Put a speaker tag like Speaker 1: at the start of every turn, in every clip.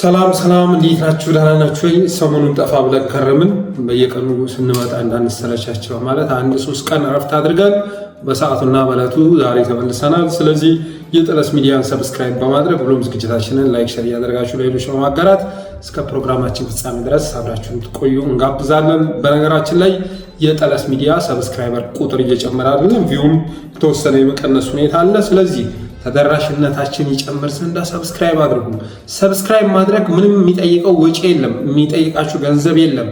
Speaker 1: ሰላም ሰላም፣ እንዴት ናችሁ? ደህና ናችሁ ወይ? ሰሞኑን ጠፋ ብለን ከረምን። በየቀኑ ስንመጣ እንዳንሰለቻቸው ማለት አንድ ሶስት ቀን እረፍት አድርገን በሰዓቱና በዕለቱ ዛሬ ተመልሰናል። ስለዚህ የጠለስ ሚዲያን ሰብስክራይብ በማድረግ ብሎም ዝግጅታችንን ላይክ፣ ሸር እያደረጋችሁ ሌሎች በማጋራት እስከ ፕሮግራማችን ፍጻሜ ድረስ አብራችሁን ትቆዩ እንጋብዛለን። በነገራችን ላይ የጠለስ ሚዲያ ሰብስክራይበር ቁጥር እየጨመረ አይደለም፣ ቪውም የተወሰነ የመቀነስ ሁኔታ አለ። ስለዚህ ተደራሽነታችን ይጨምር ዘንዳ ሰብስክራይብ አድርጉ። ሰብስክራይብ ማድረግ ምንም የሚጠይቀው ወጪ የለም፣ የሚጠይቃችሁ ገንዘብ የለም።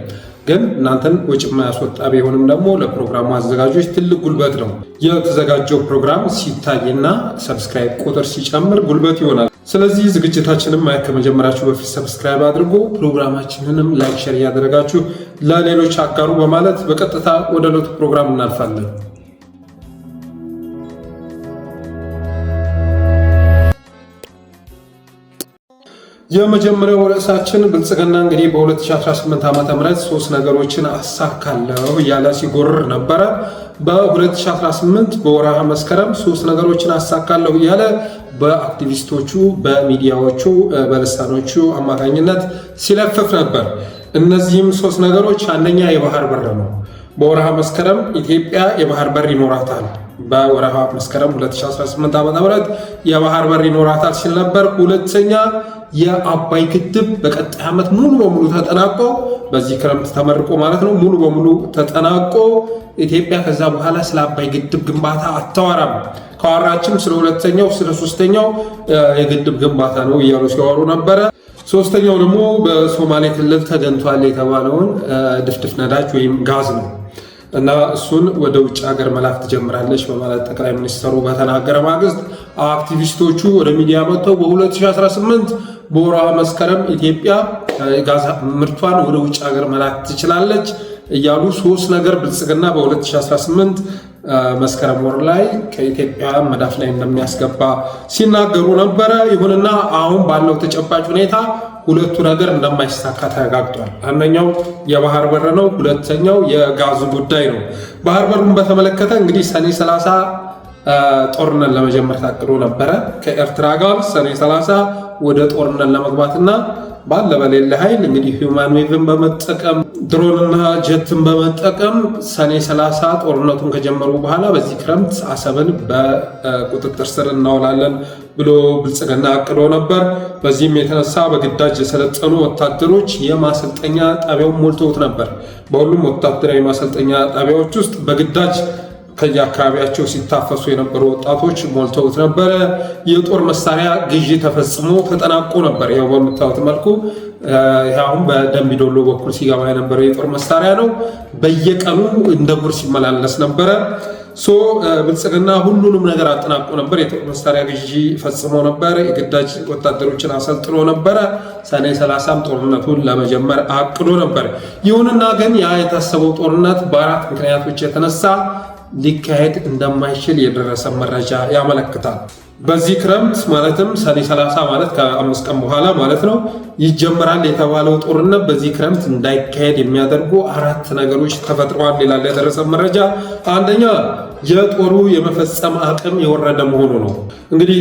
Speaker 1: ግን እናንተን ወጪ የማያስወጣ ቢሆንም ደግሞ ለፕሮግራሙ አዘጋጆች ትልቅ ጉልበት ነው። የተዘጋጀው ፕሮግራም ሲታይና ሰብስክራይብ ቁጥር ሲጨምር ጉልበት ይሆናል። ስለዚህ ዝግጅታችንን ማየት ከመጀመራችሁ በፊት ሰብስክራይብ አድርጎ ፕሮግራማችንንም ላይክ፣ ሸር እያደረጋችሁ ለሌሎች አጋሩ በማለት በቀጥታ ወደ ዕለቱ ፕሮግራም እናልፋለን። የመጀመሪያው ርዕሳችን ብልጽግና እንግዲህ በ2018 ዓ ም ሶስት ነገሮችን አሳካለው እያለ ሲጎርር ነበረ። በ2018 በወርሃ መስከረም ሶስት ነገሮችን አሳካለሁ እያለ በአክቲቪስቶቹ፣ በሚዲያዎቹ፣ በልሳኖቹ አማካኝነት ሲለፍፍ ነበር። እነዚህም ሶስት ነገሮች አንደኛ የባህር በር ነው። በወርሃ መስከረም ኢትዮጵያ የባህር በር ይኖራታል። በወረሃ መስከረም 2018 ዓ.ም የባህር በር ይኖራታል ሲል ነበር። ሁለተኛ የአባይ ግድብ በቀጣይ ዓመት ሙሉ በሙሉ ተጠናቆ በዚህ ክረምት ተመርቆ ማለት ነው ሙሉ በሙሉ ተጠናቆ ኢትዮጵያ ከዛ በኋላ ስለ አባይ ግድብ ግንባታ አታወራም። ከዋራችም ስለ ሁለተኛው ስለ ሶስተኛው የግድብ ግንባታ ነው እያሉ ሲያወሩ ነበረ። ሶስተኛው ደግሞ በሶማሌ ክልል ተገኝቷል የተባለውን ድፍድፍ ነዳጅ ወይም ጋዝ ነው። እና እሱን ወደ ውጭ ሀገር መላክ ትጀምራለች በማለት ጠቅላይ ሚኒስትሩ በተናገረ ማግስት አክቲቪስቶቹ ወደ ሚዲያ መጥተው በ2018 በወርሃ መስከረም ኢትዮጵያ ጋዛ ምርቷን ወደ ውጭ ሀገር መላክ ትችላለች እያሉ ሶስት ነገር ብልጽግና በ2018 መስከረም ወር ላይ ከኢትዮጵያ መዳፍ ላይ እንደሚያስገባ ሲናገሩ ነበረ። ይሁንና አሁን ባለው ተጨባጭ ሁኔታ ሁለቱ ነገር እንደማይሳካ ተረጋግጧል። አንደኛው የባህር በር ነው፣ ሁለተኛው የጋዙ ጉዳይ ነው። ባህር በሩን በተመለከተ እንግዲህ ሰኔ 30 ጦርነት ለመጀመር ታቅዶ ነበረ ከኤርትራ ጋር ሰኔ 30 ወደ ጦርነት ለመግባትና ባለ በሌለ ኃይል እንግዲህ ሂውማን ዌቭን በመጠቀም ድሮንና ጀትን በመጠቀም ሰኔ 30 ጦርነቱን ከጀመሩ በኋላ በዚህ ክረምት አሰብን በቁጥጥር ስር እናውላለን ብሎ ብልጽግና አቅዶ ነበር። በዚህም የተነሳ በግዳጅ የሰለጠኑ ወታደሮች የማሰልጠኛ ጣቢያውን ሞልተውት ነበር። በሁሉም ወታደራዊ ማሰልጠኛ ጣቢያዎች ውስጥ በግዳጅ ከየአካባቢያቸው ሲታፈሱ የነበሩ ወጣቶች ሞልተውት ነበረ። የጦር መሳሪያ ግዢ ተፈጽሞ ተጠናቆ ነበር። ው በምታዩት መልኩ አሁን በደምቢዶሎ በኩል ሲገባ የነበረው የጦር መሳሪያ ነው። በየቀኑ እንደ ጉር ሲመላለስ ነበረ። ሶ ብልጽግና ሁሉንም ነገር አጠናቆ ነበር። የጦር መሳሪያ ግዢ ፈጽሞ ነበር። የግዳጅ ወታደሮችን አሰልጥኖ ነበረ። ሰኔ 30ም ጦርነቱን ለመጀመር አቅዶ ነበር። ይሁንና ግን ያ የታሰበው ጦርነት በአራት ምክንያቶች የተነሳ ሊካሄድ እንደማይችል የደረሰ መረጃ ያመለክታል። በዚህ ክረምት ማለትም ሰኔ 30 ማለት ከአምስት ቀን በኋላ ማለት ነው ይጀመራል የተባለው ጦርነት በዚህ ክረምት እንዳይካሄድ የሚያደርጉ አራት ነገሮች ተፈጥረዋል ይላል የደረሰ መረጃ። አንደኛ የጦሩ የመፈጸም አቅም የወረደ መሆኑ ነው። እንግዲህ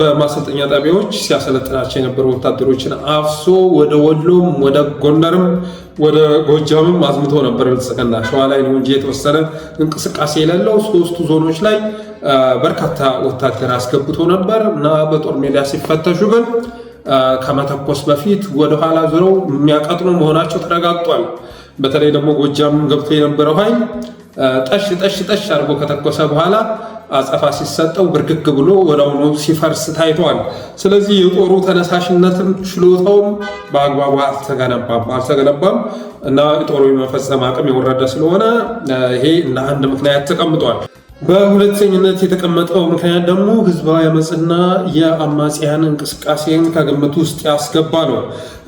Speaker 1: በማሰልጠኛ ጣቢያዎች ሲያሰለጥናቸው የነበሩ ወታደሮችን አፍሶ ወደ ወሎም ወደ ጎንደርም ወደ ጎጃምም አዝምቶ ነበር ብልጽግና። ሸዋ ላይ ነው እንጂ የተወሰነ እንቅስቃሴ የሌለው ሶስቱ ዞኖች ላይ በርካታ ወታደር አስገብቶ ነበር እና በጦር ሜዳ ሲፈተሹ ግን ከመተኮስ በፊት ወደኋላ ዞረው የሚያቀጥሉ መሆናቸው ተረጋግጧል። በተለይ ደግሞ ጎጃም ገብቶ የነበረው ኃይል ጠሽ ጠሽ ጠሽ አድርጎ ከተኮሰ በኋላ አጸፋ ሲሰጠው ብርግግ ብሎ ወዲያውኑ ሲፈርስ ታይቷል። ስለዚህ የጦሩ ተነሳሽነትም ችሎታውም በአግባቡ አልተገነባም እና የጦሩ የመፈጸም አቅም የወረደ ስለሆነ ይሄ እንደ አንድ ምክንያት ተቀምጧል። በሁለተኝነት የተቀመጠው ምክንያት ደግሞ ህዝባዊ አመፅና የአማጽያን እንቅስቃሴን ከግምት ውስጥ ያስገባ ነው።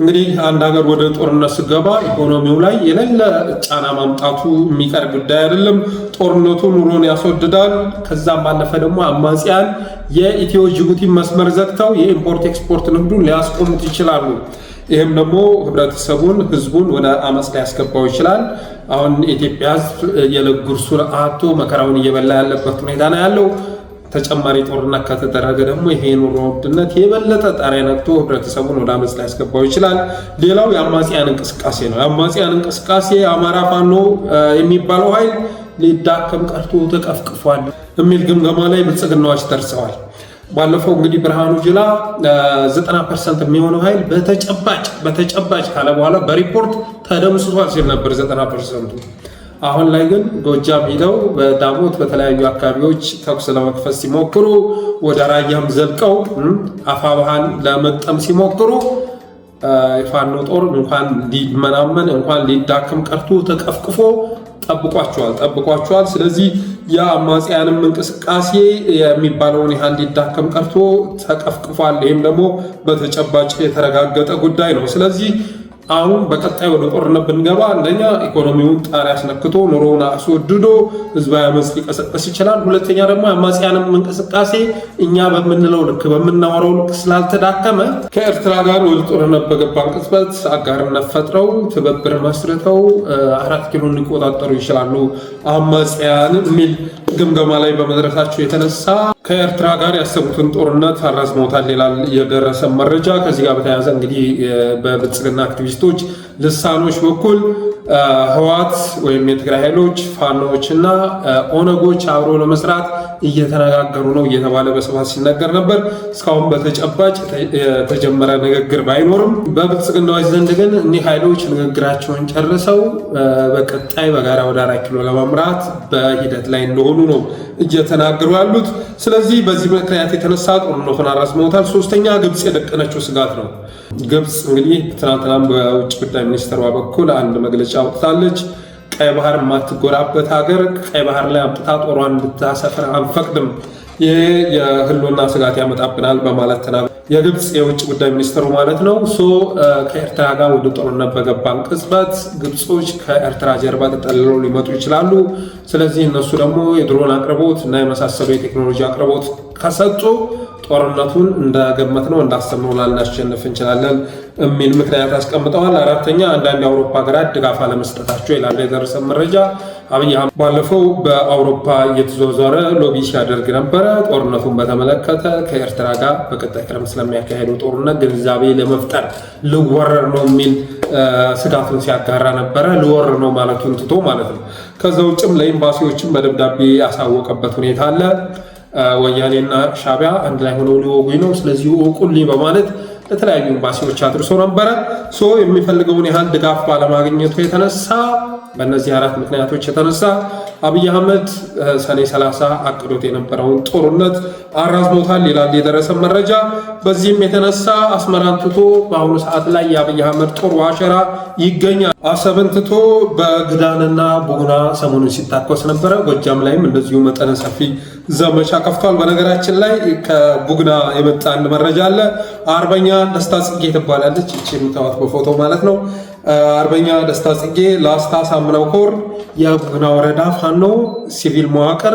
Speaker 1: እንግዲህ አንድ ሀገር ወደ ጦርነት ስገባ ኢኮኖሚው ላይ የሌለ ጫና ማምጣቱ የሚቀር ጉዳይ አይደለም። ጦርነቱ ኑሮን ያስወድዳል። ከዛም ባለፈ ደግሞ አማጽያን የኢትዮ ጅቡቲ መስመር ዘግተው የኢምፖርት ኤክስፖርት ንግዱን ሊያስቆሙት ይችላሉ። ይህም ደግሞ ህብረተሰቡን፣ ህዝቡን ወደ አመፅ ላይ ያስገባው ይችላል። አሁን ኢትዮጵያ ህዝብ የዕለት ጉርሱን መከራውን እየበላ ያለበት ሁኔታ ነው ያለው። ተጨማሪ ጦርነት ከተደረገ ደግሞ ይሄ ኑሮ ውድነት የበለጠ ጣሪያ ነቅቶ ህብረተሰቡን ወደ አመፅ ላይ ያስገባው ይችላል። ሌላው የአማጽያን እንቅስቃሴ ነው። የአማጽያን እንቅስቃሴ አማራ ፋኖ የሚባለው ኃይል ሊዳከም ቀርቶ ተቀፍቅፏል የሚል ግምገማ ላይ ብልጽግናዎች ደርሰዋል። ባለፈው እንግዲህ ብርሃኑ ጅላ 90 ፐርሰንት የሚሆነው ኃይል በተጨባጭ በተጨባጭ ካለ በኋላ በሪፖርት ተደምስቷል ሲል ነበር 90 ፐርሰንቱ። አሁን ላይ ግን ጎጃም ሂደው በዳሞት በተለያዩ አካባቢዎች ተኩስ ለመክፈት ሲሞክሩ፣ ወደ ራያም ዘልቀው አፋብሃን ለመቅጠም ሲሞክሩ የፋኖ ጦር እንኳን ሊመናመን እንኳን ሊዳክም ቀርቶ ተቀፍቅፎ ጠብቋቸዋል ጠብቋቸዋል። ስለዚህ የአማጽያንም እንቅስቃሴ የሚባለውን ያህል እንዲዳከም ቀርቶ ተቀፍቅፏል። ይህም ደግሞ በተጨባጭ የተረጋገጠ ጉዳይ ነው። ስለዚህ አሁን በቀጣይ ወደ ጦርነት ብንገባ አንደኛ ኢኮኖሚውን ጣሪያ አስነክቶ ኑሮውን አስወድዶ ህዝባዊ አመፅ ሊቀሰቀስ ይችላል። ሁለተኛ ደግሞ የአማጽያንም እንቅስቃሴ እኛ በምንለው ልክ በምናወረው ልክ ስላልተዳከመ ከኤርትራ ጋር ወደ ጦርነት በገባን ቅጽበት አጋርነት ፈጥረው ትብብር መስርተው አራት ኪሎን ሊቆጣጠሩ ይችላሉ አማጽያን የሚል ግምገማ ላይ በመድረሳቸው የተነሳ ከኤርትራ ጋር ያሰቡትን ጦርነት አራዝመውታል ይላል የደረሰ መረጃ። ከዚህ ጋር በተያያዘ እንግዲህ በብልጽግና አክቲቪስቶች ልሳኖች በኩል ህዋት ወይም የትግራይ ኃይሎች ፋኖዎች እና ኦነጎች አብሮ ለመስራት እየተነጋገሩ ነው እየተባለ በስፋት ሲነገር ነበር። እስካሁን በተጨባጭ የተጀመረ ንግግር ባይኖርም በብልጽግናዎች ዘንድ ግን እኒህ ኃይሎች ንግግራቸውን ጨርሰው በቀጣይ በጋራ ወደ አራት ኪሎ ለመምራት በሂደት ላይ እንደሆኑ ነው እየተናገሩ ያሉት። ስለዚህ በዚህ ምክንያት የተነሳ ጦርነቱን አራዝመውታል። ሶስተኛ ግብፅ የደቀነችው ስጋት ነው። ግብፅ እንግዲህ ትናንትናም በውጭ ጉዳይ ሚኒስትሯ በኩል አንድ መግለጫ አውጥታለች። ቀይ ባህር የማትጎራበት ሀገር ቀይ ባህር ላይ አምጥታ ጦሯን እንድታሰፍር አንፈቅድም፣ ይህ የህልውና ስጋት ያመጣብናል በማለት ተናግረው የግብፅ የውጭ ጉዳይ ሚኒስትሩ ማለት ነው። ሶ ከኤርትራ ጋር ወደ ጦርነት በገባን ቅጽበት ግብጾች ከኤርትራ ጀርባ ተጠልለው ሊመጡ ይችላሉ። ስለዚህ እነሱ ደግሞ የድሮን አቅርቦት እና የመሳሰሉ የቴክኖሎጂ አቅርቦት ከሰጡ ጦርነቱን እንደገመት ነው እንዳሰምነው ላናሸንፍ እንችላለን። የሚል ምክንያት አስቀምጠዋል። አራተኛ አንዳንድ የአውሮፓ ሀገራት ድጋፍ አለመስጠታቸው ይላል የደረሰ መረጃ። አብይ ባለፈው በአውሮፓ እየተዘዋወረ ሎቢ ሲያደርግ ነበረ። ጦርነቱን በተመለከተ ከኤርትራ ጋር በቀጣይ ክረምት ስለሚያካሄዱ ጦርነት ግንዛቤ ለመፍጠር ልወረር ነው የሚል ስጋቱን ሲያጋራ ነበረ። ልወር ነው ማለቱን ትቶ ማለት ነው። ከዛ ውጭም ለኤምባሲዎችም በደብዳቤ ያሳወቀበት ሁኔታ አለ። ወያኔና ሻቢያ አንድ ላይ ሆነው ሊወጉኝ ነው፣ ስለዚህ እወቁልኝ በማለት ለተለያዩ ኤምባሲዎች አድርሶ ነበረ። ሶ የሚፈልገውን ያህል ድጋፍ ባለማግኘቱ የተነሳ በእነዚህ አራት ምክንያቶች የተነሳ አብይ አህመድ ሰኔ 30 አቅዶት የነበረውን ጦርነት አራዝሞታል ይላል የደረሰ መረጃ። በዚህም የተነሳ አስመራን ትቶ በአሁኑ ሰዓት ላይ የአብይ አህመድ ጦር ዋሸራ ይገኛል። አሰብን ትቶ በግዳንና ቡና ሰሞኑን ሲታኮስ ነበረ። ጎጃም ላይም እንደዚሁ መጠነ ሰፊ ዘመቻ ከፍቷል። በነገራችን ላይ ከቡግና የመጣ አንድ መረጃ አለ። አርበኛ ደስታ ጽጌ ትባላለች። ይቺ የምታዩት በፎቶ ማለት ነው። አርበኛ ደስታ ጽጌ ላስታ ሳምነው ኮር የቡግና ወረዳ ፋኖ ሲቪል መዋቅር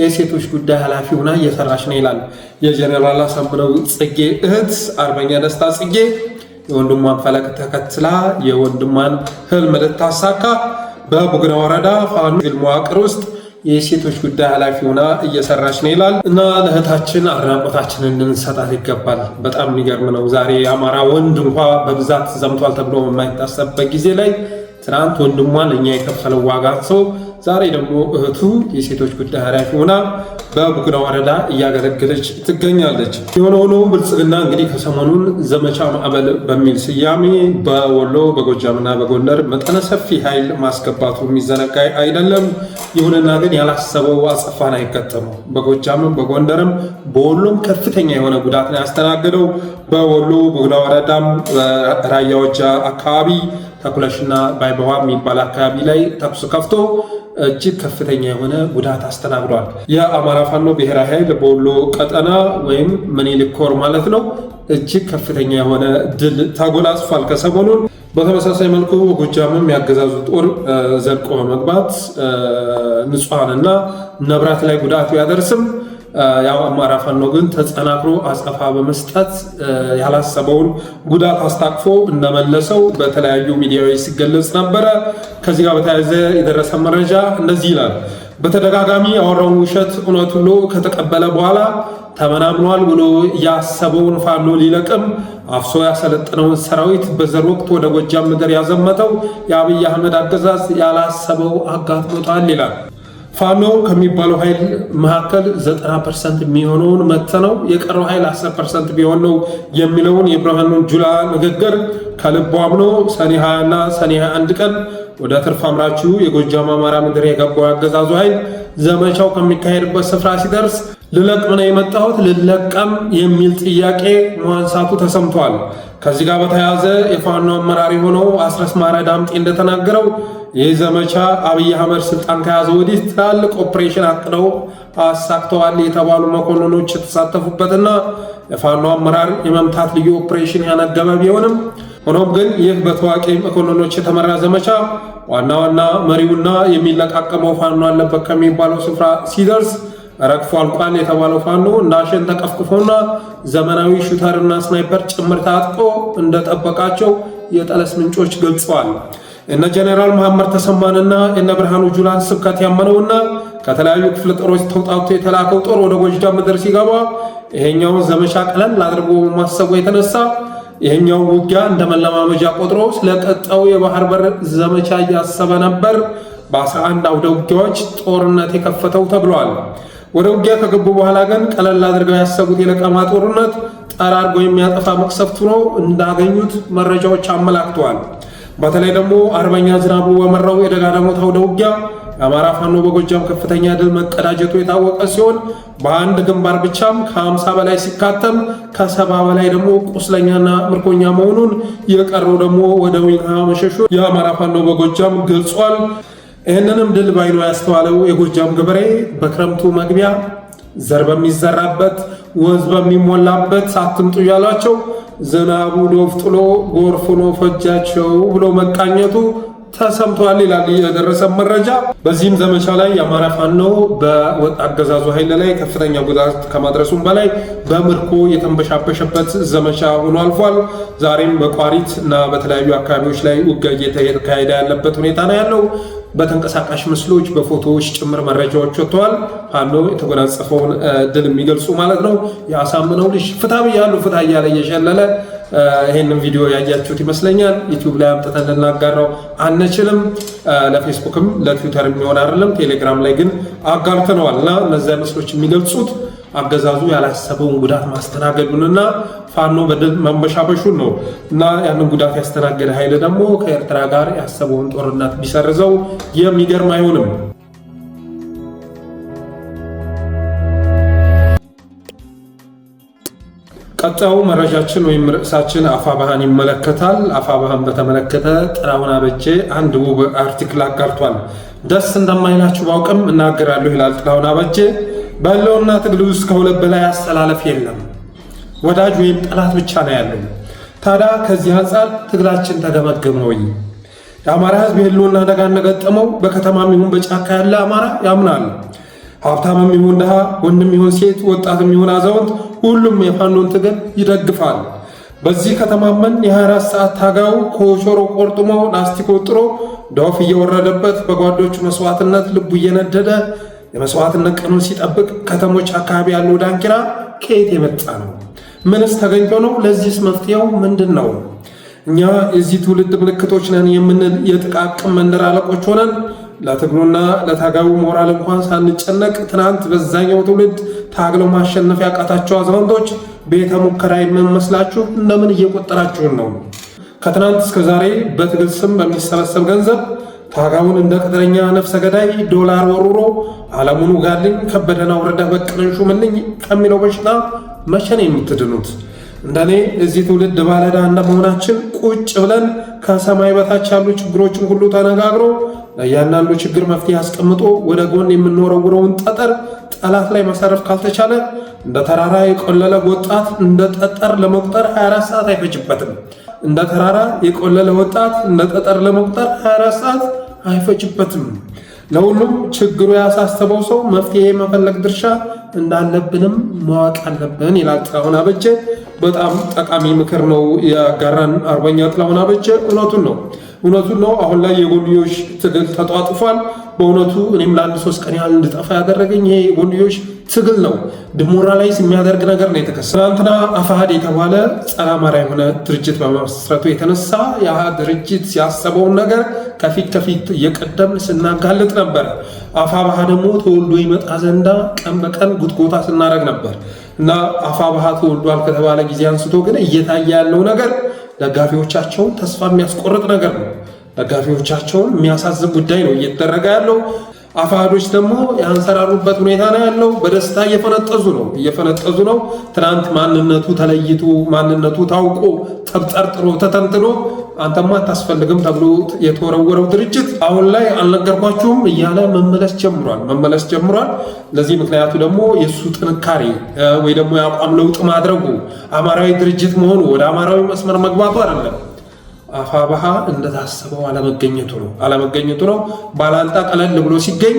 Speaker 1: የሴቶች ጉዳይ ኃላፊ ሆና እየሰራች ነው ይላል። የጀኔራል አሳምነው ጽጌ እህት አርበኛ ደስታ ጽጌ የወንድሟን ፈለግ ተከትላ የወንድሟን ህልም ልታሳካ በቡግና ወረዳ ፋኖ ሲቪል መዋቅር ውስጥ የሴቶች ጉዳይ ኃላፊ ሆና እየሰራች ነው ይላል እና ለእህታችን አድናቆታችንን ልንሰጣት ይገባል። በጣም የሚገርም ነው። ዛሬ የአማራ ወንድ እንኳ በብዛት ዘምቷል ተብሎ የማይታሰብበት ጊዜ ላይ ትናንት ወንድሟን እኛ የከፈለው ዋጋ ሰው ዛሬ ደግሞ እህቱ የሴቶች ጉዳይ ኃላፊ ሆና በቡግና ወረዳ እያገለገለች ትገኛለች። የሆነ ሆኖ ብልጽግና እንግዲህ ከሰሞኑን ዘመቻ ማዕበል በሚል ስያሜ በወሎ በጎጃምና በጎንደር መጠነ ሰፊ ኃይል ማስገባቱ የሚዘነጋ አይደለም። ይሁንና ግን ያላሰበው አጸፋን አይገጠመው። በጎጃምም በጎንደርም በወሎም ከፍተኛ የሆነ ጉዳት ነው ያስተናገደው። በወሎ ቡግና ወረዳም ራያ አካባቢ ተኩለሽና ባይበዋ የሚባል አካባቢ ላይ ተኩስ ከፍቶ እጅግ ከፍተኛ የሆነ ጉዳት አስተናግዷል። የአማራ ፋኖ ብሔራዊ ኃይል በወሎ ቀጠና ወይም ምኒልክ ኮር ማለት ነው እጅግ ከፍተኛ የሆነ ድል ተጎናጽፏል። ከሰሞኑን በተመሳሳይ መልኩ ጎጃምም ያገዛዙ ጦር ዘልቆ በመግባት ንጹሐንና ንብረት ላይ ጉዳት ቢያደርስም ያው አማራ ፋኖ ግን ተጸናክሮ አጸፋ በመስጠት ያላሰበውን ጉዳት አስታቅፎ እንደመለሰው በተለያዩ ሚዲያዎች ሲገለጽ ነበረ። ከዚህ ጋር በተያያዘ የደረሰ መረጃ እንደዚህ ይላል። በተደጋጋሚ ያወራውን ውሸት እውነት ብሎ ከተቀበለ በኋላ ተመናምኗል ብሎ ያሰበውን ፋኖ ሊለቅም አፍሶ ያሰለጠነውን ሰራዊት በዘር ወቅት ወደ ጎጃም ምድር ያዘመተው የአብይ አህመድ አገዛዝ ያላሰበው አጋጥሞታል ይላል። ፋኖ ከሚባለው ኃይል መካከል 90 ፐርሰንት የሚሆነውን መተነው የቀረው ኃይል 10 ፐርሰንት ቢሆን ነው የሚለውን የብርሃኑን ጁላ ንግግር ከልቡ አምኖ ሰኔ 20 እና ሰኔ 21 ቀን ወደ ትርፍ አምራችሁ የጎጃም አማራ ምድር የገባው አገዛዙ ኃይል ዘመቻው ከሚካሄድበት ስፍራ ሲደርስ ልለቅም ነው የመጣሁት ልለቀም የሚል ጥያቄ ማንሳቱ ተሰምቷል። ከዚህ ጋር በተያያዘ የፋኖ አመራር የሆነው አስረስ ማረ ዳምጤ እንደተናገረው ይህ ዘመቻ አብይ አህመድ ስልጣን ከያዘ ወዲህ ትላልቅ ኦፕሬሽን አቅደው አሳክተዋል የተባሉ መኮንኖች የተሳተፉበትና የፋኖ አመራር የመምታት ልዩ ኦፕሬሽን ያነገበ ቢሆንም ሆኖም ግን ይህ በታዋቂ መኮንኖች የተመራ ዘመቻ ዋና ዋና መሪውና የሚለቃቀመው ፋኖ አለበት ከሚባለው ስፍራ ሲደርስ ረግፎ አልቋል የተባለው ፋኖ እንዳሸን ተቀፍቅፎና ዘመናዊ ሹተርና ስናይፐር ጭምር ታጥቆ እንደጠበቃቸው የጠለስ ምንጮች ገልጸዋል። እነ ጀኔራል መሐመድ ተሰማንና እነ ብርሃኑ ጁላን ስብከት ያመነውና ከተለያዩ ክፍለ ጦሮች ተውጣቶ የተላከው ጦር ወደ ጎጃም ምድር ሲገባ ይሄኛውን ዘመቻ ቀለል አድርጎ ማሰቡ የተነሳ ይህኛው ውጊያ እንደ መለማመጃ ቆጥሮ ስለቀጠው የባህር በር ዘመቻ እያሰበ ነበር። በ11 አውደ ውጊያዎች ጦርነት የከፈተው ተብሏል። ወደ ውጊያ ከገቡ በኋላ ግን ቀለል አድርገው ያሰቡት የለቀማ ጦርነት ጠራርጎ የሚያጠፋ መቅሰፍት ሆኖ እንዳገኙት መረጃዎች አመላክተዋል። በተለይ ደግሞ አርበኛ ዝናቡ በመራው የደጋደሞት አውደ ውጊያ የአማራ ፋኖ በጎጃም ከፍተኛ ድል መቀዳጀቱ የታወቀ ሲሆን በአንድ ግንባር ብቻም ከ50 በላይ ሲካተም ከሰባ በላይ ደግሞ ቁስለኛና ምርኮኛ መሆኑን የቀረው ደግሞ ወደ ዊንሃ መሸሹ የአማራ ፋኖ በጎጃም ገልጿል። ይህንንም ድል ባይኖ ያስተዋለው የጎጃም ገበሬ በክረምቱ መግቢያ ዘር በሚዘራበት ወንዝ በሚሞላበት አትምጡ እያሏቸው ዝናቡ ዶፍ ጥሎ ጎርፍኖ ፈጃቸው ብሎ መቃኘቱ ተሰምቷል ይላል የደረሰ መረጃ። በዚህም ዘመቻ ላይ የአማራ ፋኖ በአገዛዙ ኃይል ላይ ከፍተኛ ጉዳት ከማድረሱም በላይ በምርኮ የተንበሻበሸበት ዘመቻ ሆኖ አልፏል። ዛሬም በቋሪት እና በተለያዩ አካባቢዎች ላይ ውጊያ እየተካሄደ ያለበት ሁኔታ ነው ያለው። በተንቀሳቃሽ ምስሎች በፎቶዎች ጭምር መረጃዎች ወጥተዋል። ፋኖ የተጎናጸፈውን ድል የሚገልጹ ማለት ነው። የአሳምነው ልጅ ፍታ ብያለሁ ፍታ እያለ እየሸለለ ይህንም ቪዲዮ ያያችሁት ይመስለኛል። ዩቲዩብ ላይ አምጥተን ልናጋራው አንችልም። ለፌስቡክም ለትዊተር የሚሆን አይደለም። ቴሌግራም ላይ ግን አጋርተነዋል እና እነዚያ ምስሎች የሚገልጹት አገዛዙ ያላሰበውን ጉዳት ማስተናገዱንና ፋኖ በድል መንበሻበሹን ነው እና ያንን ጉዳት ያስተናገደ ኃይል ደግሞ ከኤርትራ ጋር ያሰበውን ጦርነት ቢሰርዘው የሚገርም አይሆንም። ቀጣዩ መረጃችን ወይም ርዕሳችን አፋባህን ይመለከታል። አፋባህን በተመለከተ ጥላሁን አበጀ አንድ ውብ አርቲክል አጋርቷል። ደስ እንደማይላችሁ ባውቅም እናገራለሁ ይላል ጥላሁን አበጀ። በህልውና ትግል ውስጥ ከሁለት በላይ አስተላለፍ የለም፣ ወዳጅ ወይም ጠላት ብቻ ነው ያለው። ታዲያ ከዚህ አንጻር ትግላችን ተገመገመ ወይ? የአማራ ህዝብ የህልውና ደጋ እንደገጠመው በከተማም ይሁን በጫካ ያለ አማራ ያምናል። ሀብታምም ይሁን ድሃ፣ ወንድም ይሁን ሴት፣ ወጣትም ይሁን አዛውንት ሁሉም የፋኖን ትግል ይደግፋል። በዚህ ከተማመን የ24 ሰዓት ታጋው ከሾሮ ቆርጥሞ ላስቲክ ወጥሮ ዶፍ እየወረደበት በጓዶቹ መስዋዕትነት ልቡ እየነደደ የመስዋዕትነት ቀኑን ሲጠብቅ ከተሞች አካባቢ ያለው ዳንኪራ ከየት የመጣ ነው? ምንስ ተገኝቶ ነው? ለዚህስ መፍትሄው ምንድን ነው? እኛ የዚህ ትውልድ ምልክቶች ነን የምንል የጥቃቅም መንደር አለቆች ሆነን ለትግሉና ለታጋዩ ሞራል እንኳን ሳንጨነቅ ትናንት በዛኛው ትውልድ ታግለው ማሸነፍ ያቃታቸው አዛውንቶች ቤተ ሙከራ የምንመስላችሁ እንደምን እየቆጠራችሁን ነው? ከትናንት እስከ ዛሬ በትግል ስም በሚሰበሰብ ገንዘብ ታጋውን እንደ ቅጥረኛ ነፍሰ ገዳይ ዶላር ወሩሮ አለሙኑ ጋልኝ ከበደና ወረዳ በቀለን ሹምልኝ ከሚለው በሽታ መቼ ነው የምትድኑት? እንደኔ እዚህ ትውልድ ባለዕዳ እንደመሆናችን ቁጭ ብለን ከሰማይ በታች ያሉ ችግሮችን ሁሉ ተነጋግሮ ለእያንዳንዱ ችግር መፍትሄ አስቀምጦ ወደ ጎን የምንወረውረውን ጠጠር ጠላት ላይ ማሳረፍ ካልተቻለ እንደ ተራራ የቆለለ ወጣት እንደ ጠጠር ለመቁጠር 24 ሰዓት አይፈጅበትም። እንደ ተራራ የቆለለ ወጣት እንደ ጠጠር ለመቁጠር 24 ሰዓት አይፈጅበትም። ለሁሉም ችግሩ ያሳስበው ሰው መፍትሄ የመፈለግ ድርሻ እንዳለብንም ማወቅ አለብን ይላል ጥላሁን አበጀ። በጣም ጠቃሚ ምክር ነው ያጋራን አርበኛ ጥላሁን አበጀ። እውነቱን ነው። እውነቱ ነው። አሁን ላይ የጎንዮሽ ትግል ተጧጥፏል። በእውነቱ እኔም ለአንድ ሶስት ቀን ያህል እንድጠፋ ያደረገኝ ይሄ የጎንዮሽ ትግል ነው። ድሞራላይዝ የሚያደርግ ነገር ነው የተከሰተው። ትናንትና አፋሃድ የተባለ ጸረ አማራ የሆነ ድርጅት በመመስረቱ የተነሳ ያ ድርጅት ያሰበውን ነገር ከፊት ከፊት እየቀደም ስናጋልጥ ነበር። አፋባሃ ደግሞ ተወልዶ ይመጣ ዘንዳ ቀን በቀን ጉትጎታ ስናደርግ ነበር እና አፋባሃ ተወልዷል ከተባለ ጊዜ አንስቶ ግን እየታየ ያለው ነገር ደጋፊዎቻቸውን ተስፋ የሚያስቆርጥ ነገር ነው። ደጋፊዎቻቸውን የሚያሳዝን ጉዳይ ነው እየተደረገ ያለው። አፋዶች ደግሞ ያንሰራሩበት ሁኔታ ነው ያለው። በደስታ እየፈነጠዙ ነው እየፈነጠዙ ነው። ትናንት ማንነቱ ተለይቶ ማንነቱ ታውቆ ተብጠርጥሮ ተተንትኖ አንተማ አታስፈልግም ተብሎ የተወረወረው ድርጅት አሁን ላይ አልነገርኳችሁም እያለ መመለስ ጀምሯል መመለስ ጀምሯል። ለዚህ ምክንያቱ ደግሞ የእሱ ጥንካሬ ወይ ደግሞ የአቋም ለውጥ ማድረጉ አማራዊ ድርጅት መሆኑ ወደ አማራዊ መስመር መግባቱ አይደለም። አፋባሃ እንደታሰበው አለመገኘቱ ነው አለመገኘቱ ነው። ባላንጣ ቀለል ብሎ ሲገኝ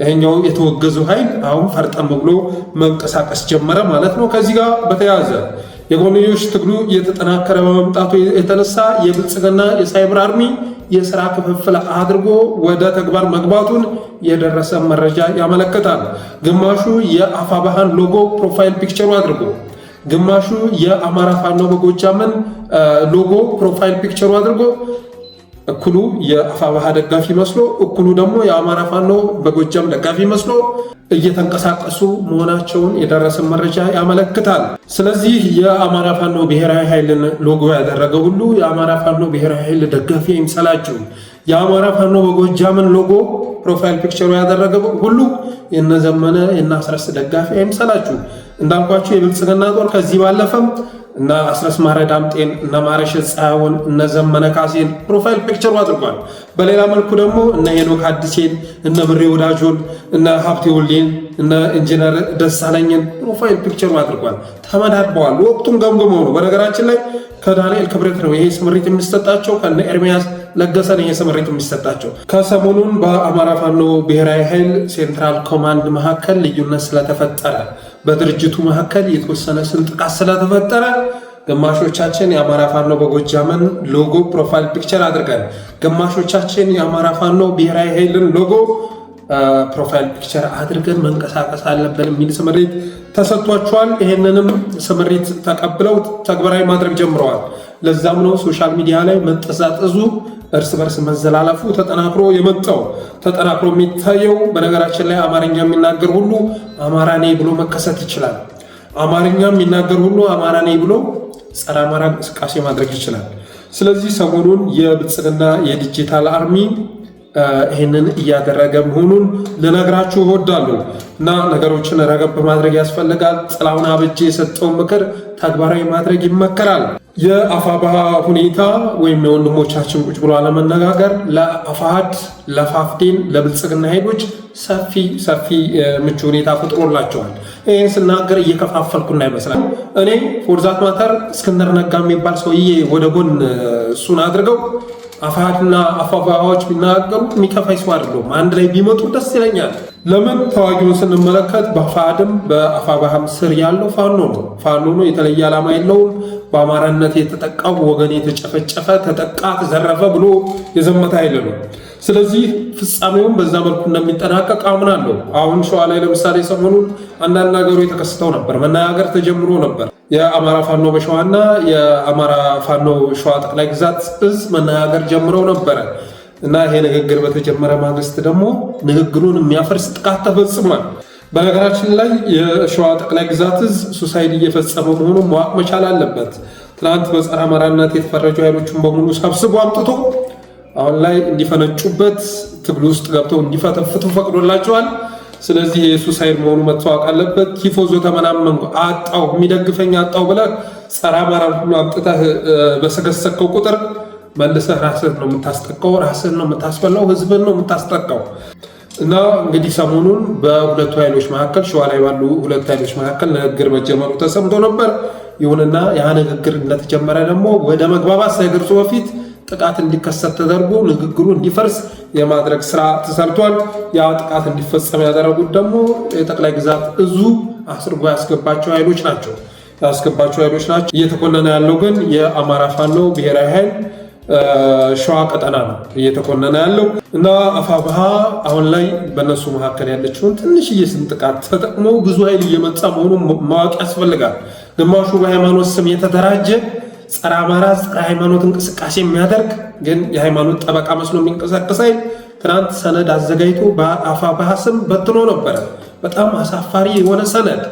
Speaker 1: ይሄኛው የተወገዘው ኃይል አሁን ፈርጠም ብሎ መንቀሳቀስ ጀመረ ማለት ነው። ከዚህ ጋር በተያያዘ የጎንዮሽ ትግሉ እየተጠናከረ በመምጣቱ የተነሳ የብልጽግና የሳይበር አርሚ የስራ ክፍፍል አድርጎ ወደ ተግባር መግባቱን የደረሰ መረጃ ያመለክታል። ግማሹ የአፋባሃን ሎጎ ፕሮፋይል ፒክቸሩ አድርጎ ግማሹ የአማራ ፋኖ በጎጃምን ሎጎ ፕሮፋይል ፒክቸሩ አድርጎ እኩሉ የአፋብሃ ደጋፊ መስሎ እኩሉ ደግሞ የአማራ ፋኖ በጎጃም ደጋፊ መስሎ እየተንቀሳቀሱ መሆናቸውን የደረሰን መረጃ ያመለክታል። ስለዚህ የአማራ ፋኖ ብሔራዊ ኃይልን ሎጎ ያደረገ ሁሉ የአማራ ፋኖ ብሔራዊ ኃይል ደጋፊ አይምሰላችሁ። የአማራ ፋኖ በጎጃምን ሎጎ ፕሮፋይል ፒክቸሩ ያደረገ ሁሉ የነዘመነ የናስረስ ደጋፊ አይምሰላችሁ። እንዳልኳችሁ የብልጽግና ጦር ከዚህ ባለፈም እነ አስረስማረ ዳምጤን እነ ማረሸ ፀሐውን፣ እነ ዘመነ ካሴን ፕሮፋይል ፒክቸሩ አድርጓል። በሌላ መልኩ ደግሞ እነ ሄኖክ አዲሴን እነ ብሬ ወዳጆን እነ ሀብቴ ወልዴን እነ ኢንጂነር ደሳለኝን ፕሮፋይል ፒክቸሩ አድርጓል። ተመዳድበዋል። ወቅቱን ገምግሞ ነው። በነገራችን ላይ ከዳንኤል ክብረት ነው ይሄ ስምሪት የሚሰጣቸው ከነ ኤርሚያስ ለገሰን ይሄ ስምሪት የሚሰጣቸው። ከሰሞኑን በአማራ ፋኖ ብሔራዊ ኃይል ሴንትራል ኮማንድ መካከል ልዩነት ስለተፈጠረ በድርጅቱ መካከል የተወሰነ ስንጥቃት ስለተፈጠረ ግማሾቻችን የአማራ ፋኖ በጎጃመን ሎጎ ፕሮፋይል ፒክቸር አድርገን፣ ግማሾቻችን የአማራ ፋኖ ብሔራዊ ኃይልን ሎጎ ፕሮፋይል ፒክቸር አድርገን መንቀሳቀስ አለብን የሚል ስምሪት ተሰጥቷቸዋል። ይህንንም ስምሪት ተቀብለው ተግባራዊ ማድረግ ጀምረዋል። ለዛም ነው ሶሻል ሚዲያ ላይ መጠዛጠዙ እርስ በርስ መዘላለፉ ተጠናክሮ የመጣው ተጠናክሮ የሚታየው በነገራችን ላይ አማርኛ የሚናገር ሁሉ አማራ ነኝ ብሎ መከሰት ይችላል። አማርኛ የሚናገር ሁሉ አማራ ነኝ ብሎ ጸረ አማራ እንቅስቃሴ ማድረግ ይችላል። ስለዚህ ሰሞኑን የብልጽግና የዲጂታል አርሚ ይህንን እያደረገ መሆኑን ልነግራችሁ እወዳለሁ እና ነገሮችን ረገብ ማድረግ ያስፈልጋል። ጥላውን አብጄ የሰጠውን ምክር ተግባራዊ ማድረግ ይመከራል። የአፋባሃ ሁኔታ ወይም የወንድሞቻችን ቁጭ ብሎ አለመነጋገር ለአፋሃድ ለፋፍዴን ለብልጽግና ኃይሎች ሰፊ ሰፊ ምቹ ሁኔታ ፈጥሮላቸዋል። ይህን ስናገር እየከፋፈልኩና ይመስላል። እኔ ፎርዛት ማተር እስክንድር ነጋ የሚባል ሰውዬ ወደ ጎን እሱን አድርገው አፋህና አፏፏሃዎች ቢናገሩ የሚከፋኝ ሰው አይደለሁም። አንድ ላይ ቢመጡ ደስ ይለኛል። ለምን ተዋጊውን ስንመለከት በፋድም በአፋባህም ስር ያለው ፋኖ ነው። ፋኖ ነው፣ የተለየ ዓላማ የለውም። በአማራነት የተጠቃው ወገን የተጨፈጨፈ ተጠቃ፣ ተዘረፈ ብሎ የዘመተ ኃይል ነው። ስለዚህ ፍጻሜውን በዛ መልኩ እንደሚጠናቀቅ አምናለሁ። አሁን ሸዋ ላይ ለምሳሌ ሰሞኑን አንዳንድ ነገሩ የተከስተው ነበር፣ መነጋገር ተጀምሮ ነበር። የአማራ ፋኖ በሸዋና የአማራ ፋኖ ሸዋ ጠቅላይ ግዛት እዝ መነጋገር ጀምረው ነበረ እና ይሄ ንግግር በተጀመረ ማግስት ደግሞ ንግግሩን የሚያፈርስ ጥቃት ተፈጽሟል። በነገራችን ላይ የሸዋ ጠቅላይ ግዛት እዝ ሱሳይድ እየፈጸመ መሆኑን ማወቅ መቻል አለበት። ትናንት በጸረ አማራነት የተፈረጁ ኃይሎችን በሙሉ ሰብስቦ አምጥቶ አሁን ላይ እንዲፈነጩበት ትግል ውስጥ ገብተው እንዲፈተፍቱ ፈቅዶላቸዋል። ስለዚህ የኢየሱስ ኃይል መሆኑ መታወቅ አለበት። ቲፎዞ ተመናመንኩ አጣው የሚደግፈኝ አጣው ብለህ ጸረ አማራን ሁሉ አምጥተህ በሰገሰከው ቁጥር መልሰህ ራስህን ነው የምታስጠቀው፣ ራስህን ነው የምታስበላው፣ ህዝብን ነው የምታስጠቀው። እና እንግዲህ ሰሞኑን በሁለቱ ኃይሎች መካከል ሸዋ ላይ ባሉ ሁለቱ ኃይሎች መካከል ንግግር መጀመሩ ተሰምቶ ነበር። ይሁንና ያ ንግግር እንደተጀመረ ደግሞ ወደ መግባባት ሳይደርሱ በፊት ጥቃት እንዲከሰት ተደርጎ ንግግሩ እንዲፈርስ የማድረግ ስራ ተሰርቷል። ያ ጥቃት እንዲፈጸም ያደረጉት ደግሞ የጠቅላይ ግዛት እዙ አስርጎ ያስገባቸው ኃይሎች ናቸው ያስገባቸው ኃይሎች ናቸው። እየተኮነነ ያለው ግን የአማራ ፋኖ ብሔራዊ ኃይል ሸዋ ቀጠና ነው እየተኮነነ ያለው እና አፋብሃ አሁን ላይ በእነሱ መካከል ያለችውን ትንሽዬ ጥቃት ተጠቅሞ ብዙ ኃይል እየመጣ መሆኑን ማወቅ ያስፈልጋል። ግማሹ በሃይማኖት ስም የተደራጀ ጸረ አማራ ጸረ ሃይማኖት እንቅስቃሴ የሚያደርግ ግን የሃይማኖት ጠበቃ መስሎ የሚንቀሳቀሳይ ትናንት ሰነድ አዘጋጅቶ በአፋ ስም በትኖ ነበረ። በጣም አሳፋሪ የሆነ ሰነድ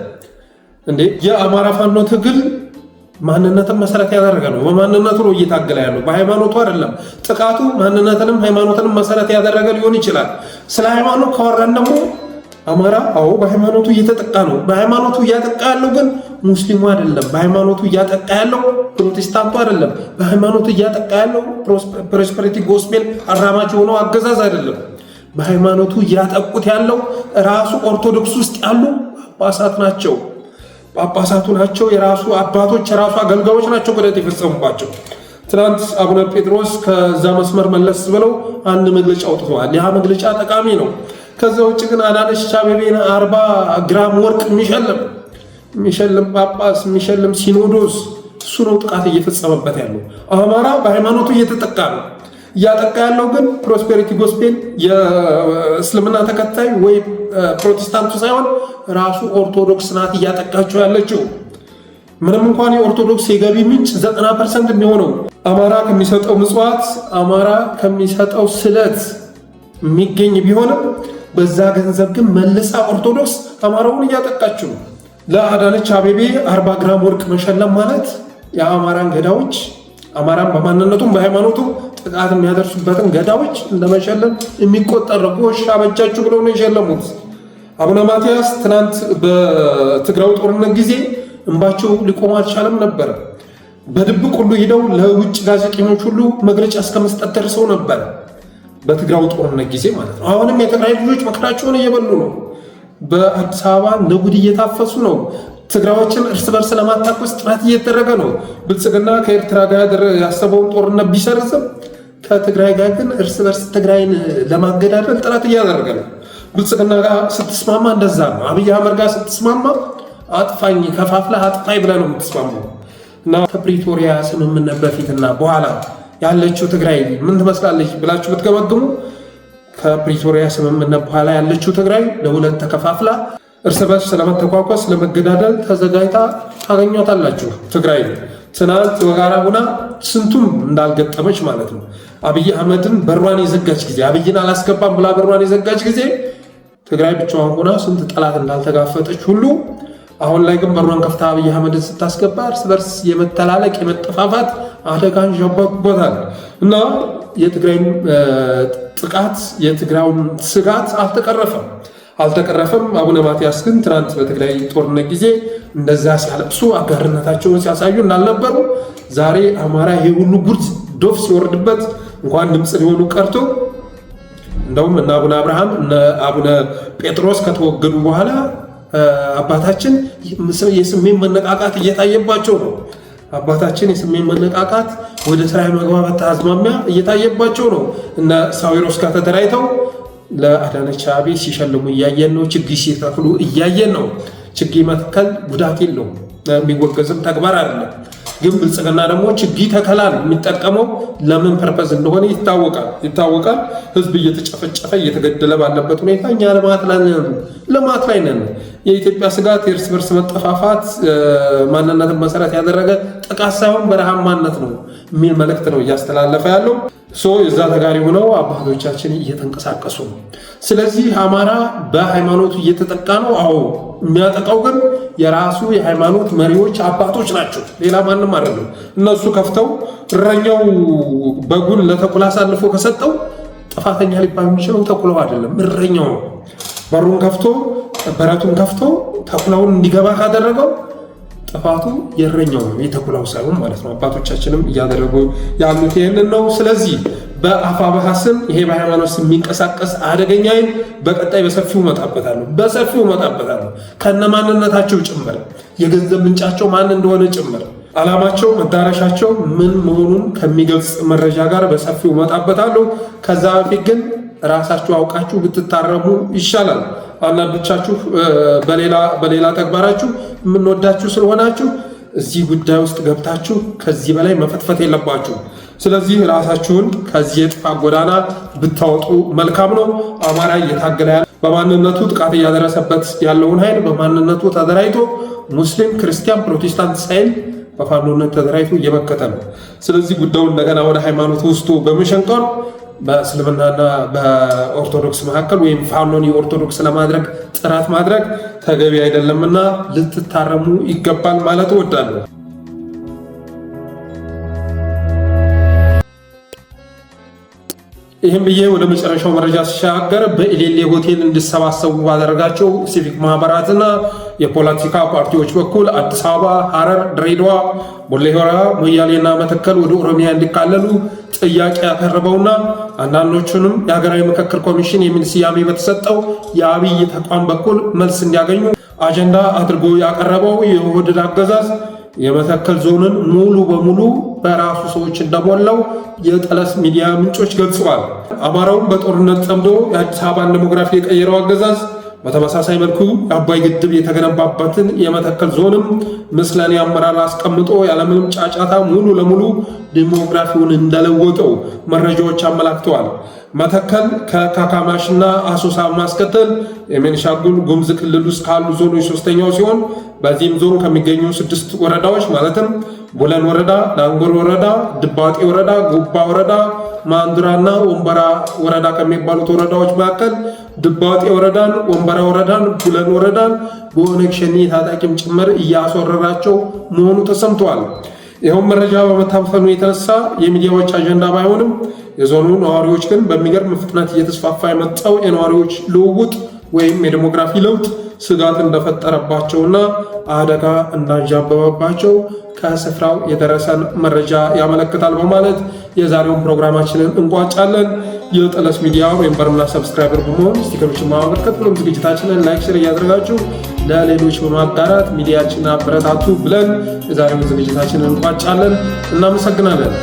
Speaker 1: እንዴ! የአማራ ፋኖ ትግል ማንነትን መሰረት ያደረገ ነው። በማንነቱ ነው እየታገለ ያለው በሃይማኖቱ አይደለም። ጥቃቱ ማንነትንም ሃይማኖትንም መሰረት ያደረገ ሊሆን ይችላል። ስለ ሃይማኖት ካወራን ደግሞ አማራ አዎ በሃይማኖቱ እየተጠቃ ነው። በሃይማኖቱ እያጠቃ ያለው ግን ሙስሊሙ አይደለም። በሃይማኖቱ እያጠቃ ያለው ፕሮቴስታንቱ አይደለም። በሃይማኖቱ እያጠቃ ያለው ፕሮስፐሪቲ ጎስፔል አራማጅ የሆነው አገዛዝ አይደለም። በሃይማኖቱ እያጠቁት ያለው ራሱ ኦርቶዶክስ ውስጥ ያሉ ጳጳሳት ናቸው። ጳጳሳቱ ናቸው የራሱ አባቶች የራሱ አገልጋዮች ናቸው ክህደት የፈጸሙባቸው። ትናንት አቡነ ጴጥሮስ ከዛ መስመር መለስ ብለው አንድ መግለጫ አውጥተዋል። ያ መግለጫ ጠቃሚ ነው። ከዛ ውጭ ግን አዳነች አቤቤን አርባ ግራም ወርቅ የሚሸልም የሚሸልም ጳጳስ፣ የሚሸልም ሲኖዶስ እሱ ነው ጥቃት እየፈጸመበት ያለው። አማራ በሃይማኖቱ እየተጠቃ ነው። እያጠቃ ያለው ግን ፕሮስፔሪቲ ጎስፔል የእስልምና ተከታይ ወይ ፕሮቴስታንቱ ሳይሆን ራሱ ኦርቶዶክስ ናት እያጠቃቸው ያለችው። ምንም እንኳን የኦርቶዶክስ የገቢ ምንጭ ዘጠና ፐርሰንት የሚሆነው አማራ ከሚሰጠው ምጽዋት፣ አማራ ከሚሰጠው ስለት የሚገኝ ቢሆንም በዛ ገንዘብ ግን መልሳ ኦርቶዶክስ አማራውን እያጠቃችው ነው። ለአዳነች አቤቤ አርባ ግራም ወርቅ መሸለም ማለት የአማራን ገዳዎች አማራን በማንነቱም በሃይማኖቱ ጥቃት የሚያደርሱበትን ገዳዎች እንደመሸለም የሚቆጠር ነው። አበጃችሁ ብለው ነው የሸለሙት። አቡነ ማትያስ ትናንት በትግራዊ ጦርነት ጊዜ እንባቸው ሊቆም አልቻለም ነበር። በድብቅ ሁሉ ሄደው ለውጭ ጋዜጠኞች ሁሉ መግለጫ እስከ መስጠት ደርሰው ነበር። በትግራዊ ጦርነት ጊዜ ማለት ነው። አሁንም የትግራይ ልጆች መከራቸውን እየበሉ ነው። በአዲስ አበባ ንጉድ እየታፈሱ ነው። ትግራዮችን እርስ በርስ ለማታኮስ ጥረት እየተደረገ ነው። ብልጽግና ከኤርትራ ጋር ያሰበውን ጦርነት ቢሰርዝም ከትግራይ ጋር ግን እርስ በርስ ትግራይን ለማገዳደል ጥረት እያደረገ ነው። ብልጽግና ጋር ስትስማማ እንደዛ ነው። አብይ አህመድ ጋር ስትስማማ አጥፋኝ ከፋፍላ አጥፋኝ ብለህ ነው የምትስማማው። እና ከፕሪቶሪያ ስምምነት በፊትና በኋላ ያለችው ትግራይ ምን ትመስላለች ብላችሁ ብትገመግሙ ከፕሪቶሪያ ስምምነት በኋላ ያለችው ትግራይ ለሁለት ተከፋፍላ እርስ በርስ ለመተኳኮስ ለመገዳደል ተዘጋጅታ ታገኟታላችሁ። ትግራይ ትናንት በጋራ ሁና ስንቱም እንዳልገጠመች ማለት ነው። አብይ አህመድን በሯን የዘጋች ጊዜ አብይን አላስገባም ብላ በሯን የዘጋች ጊዜ ትግራይ ብቻዋን ሁና ስንት ጠላት እንዳልተጋፈጠች ሁሉ አሁን ላይ ግን በሯን ከፍታ አብይ አህመድን ስታስገባ እርስ በርስ የመተላለቅ የመጠፋፋት አደጋ አንዣቧቦታል እና የትግራይ ጥቃት የትግራዩም ስጋት አልተቀረፈም አልተቀረፈም። አቡነ ማትያስ ግን ትናንት በትግራይ ጦርነት ጊዜ እንደዛ ሲያለቅሱ አጋርነታቸውን ሲያሳዩ እንዳልነበሩ ዛሬ አማራ ይሄ ሁሉ ጉድ ዶፍ ሲወርድበት እንኳን ድምፅ ሊሆኑ ቀርቶ እንደውም እነ አቡነ አብርሃም እነ አቡነ ጴጥሮስ ከተወገዱ በኋላ አባታችን የስሜን መነቃቃት እየታየባቸው ነው። አባታችን የስሜን መነቃቃት ወደ ስራ መግባባት አዝማሚያ እየታየባቸው ነው እና ሳዊሮስ ጋር ተደራጅተው ለአዳነች አቤቤ ሲሸልሙ እያየን ነው። ችግኝ ሲተክሉ እያየን ነው። ችግኝ መትከል ጉዳት የለውም፣ የሚወገዝም ተግባር አይደለም። ግን ብልጽግና ደግሞ ችግኝ ተከላን የሚጠቀመው ለምን ፐርፐዝ እንደሆነ ይታወቃል ይታወቃል። ህዝብ እየተጨፈጨፈ እየተገደለ ባለበት ሁኔታ እኛ ልማት ላይ ልማት ላይ ነን። የኢትዮጵያ ስጋት የእርስ በርስ መጠፋፋት ማንነትን መሰረት ያደረገ ጥቃት ሳይሆን በረሃማነት ነው የሚል መልእክት ነው እያስተላለፈ ያለው። ሶ የዛ ተጋሪ ሆነው አባቶቻችን እየተንቀሳቀሱ ነው። ስለዚህ አማራ በሃይማኖቱ እየተጠቃ ነው። አዎ የሚያጠቃው ግን የራሱ የሃይማኖት መሪዎች አባቶች ናቸው። ሌላ ማንም አይደለም። እነሱ ከፍተው እረኛው በጉን ለተኩላ አሳልፎ ከሰጠው ጥፋተኛ ሊባል የሚችለው ተኩላው አይደለም፣ እረኛው ነው። በሩን ከፍቶ በረቱን ከፍቶ ተኩላውን እንዲገባ ካደረገው ጥፋቱ የእረኛው ነው የተኩላው ሳይሆን ማለት ነው። አባቶቻችንም እያደረጉ ያሉት ይህንን ነው። ስለዚህ በአፋብኃ ስም ይሄ በሃይማኖት ስም የሚንቀሳቀስ አደገኛ ኃይል በቀጣይ በሰፊው እመጣበታለሁ በሰፊው እመጣበታለሁ ከነ ማንነታቸው ጭምር የገንዘብ ምንጫቸው ማን እንደሆነ ጭምር ዓላማቸው መዳረሻቸው ምን መሆኑን ከሚገልጽ መረጃ ጋር በሰፊው እመጣበታለሁ። ከዛ በፊት ግን ራሳችሁ አውቃችሁ ብትታረሙ ይሻላል። አንዳንዶቻችሁ በሌላ በሌላ ተግባራችሁ የምንወዳችሁ ስለሆናችሁ እዚህ ጉዳይ ውስጥ ገብታችሁ ከዚህ በላይ መፈትፈት የለባችሁ። ስለዚህ ራሳችሁን ከዚህ የጥፋት ጎዳና ብታወጡ መልካም ነው። አማራ እየታገለ ያለ በማንነቱ ጥቃት እያደረሰበት ያለውን ኃይል በማንነቱ ተደራጅቶ ሙስሊም፣ ክርስቲያን፣ ፕሮቴስታንት ሳይል በፋኖነት ተደራጅቶ እየመከተ ነው። ስለዚህ ጉዳዩ እንደገና ወደ ሃይማኖት ውስጡ በመሸንቀር በእስልምናና በኦርቶዶክስ መካከል ወይም ፋኖን የኦርቶዶክስ ለማድረግ ጥረት ማድረግ ተገቢ አይደለምና ልትታረሙ ይገባል ማለት እወዳለሁ። ይህም ብዬ ወደ መጨረሻው መረጃ ሲሻገር በኢሌሌ ሆቴል እንዲሰባሰቡ ባደረጋቸው ሲቪክ ማህበራትና የፖለቲካ ፓርቲዎች በኩል አዲስ አበባ፣ ሐረር፣ ድሬዳዋ፣ ቡሌ ሆራ፣ ሞያሌና መተከል ወደ ኦሮሚያ እንዲካለሉ ጥያቄ ያቀረበውና አንዳንዶቹንም የሀገራዊ ምክክር ኮሚሽን የሚል ስያሜ በተሰጠው የአብይ ተቋም በኩል መልስ እንዲያገኙ አጀንዳ አድርጎ ያቀረበው የውህድድ አገዛዝ የመተከል ዞንን ሙሉ በሙሉ በራሱ ሰዎች እንደሞላው የጠለስ ሚዲያ ምንጮች ገልጸዋል። አማራውን በጦርነት ጸምዶ የአዲስ አበባን ዴሞግራፊ የቀየረው አገዛዝ በተመሳሳይ መልኩ የአባይ ግድብ የተገነባበትን የመተከል ዞንም ምስለኔ አመራር አስቀምጦ ያለምንም ጫጫታ ሙሉ ለሙሉ ዴሞግራፊውን እንደለወጠው መረጃዎች አመላክተዋል። መተከል ከካካማሽና አሶሳ ማስከተል የቤኒሻንጉል ጉሙዝ ክልል ውስጥ ካሉ ዞኖች ሶስተኛው ሲሆን በዚህም ዞን ከሚገኙ ስድስት ወረዳዎች ማለትም ቡለን ወረዳ፣ ዳንጎር ወረዳ፣ ድባጤ ወረዳ፣ ጉባ ወረዳ፣ ማንዱራና ወንበራ ወረዳ ከሚባሉት ወረዳዎች መካከል ድባጤ ወረዳን፣ ወንበራ ወረዳን፣ ቡለን ወረዳን በኦነግ ሸኔ ታጣቂም ጭምር እያስወረራቸው መሆኑ ተሰምተዋል። ይኸውም መረጃ በመታፈኑ የተነሳ የሚዲያዎች አጀንዳ ባይሆንም የዞኑ ነዋሪዎች ግን በሚገርም ፍጥነት እየተስፋፋ የመጣው የነዋሪዎች ልውውጥ ወይም የዲሞግራፊ ለውጥ ስጋት እንደፈጠረባቸውና አደጋ እንዳንዣበበባቸው ከስፍራው የደረሰን መረጃ ያመለክታል በማለት የዛሬውን ፕሮግራማችንን እንቋጫለን። የጠለስ ሚዲያ ወይም በርምላ ሰብስክራይበር በመሆን ስቲከሮችን ማበርከት ብሎም ዝግጅታችንን ላይክ፣ ሼር እያደረጋችሁ ለሌሎች በማጋራት ሚዲያችን አበረታቱ ብለን የዛሬውን ዝግጅታችንን እንቋጫለን። እናመሰግናለን።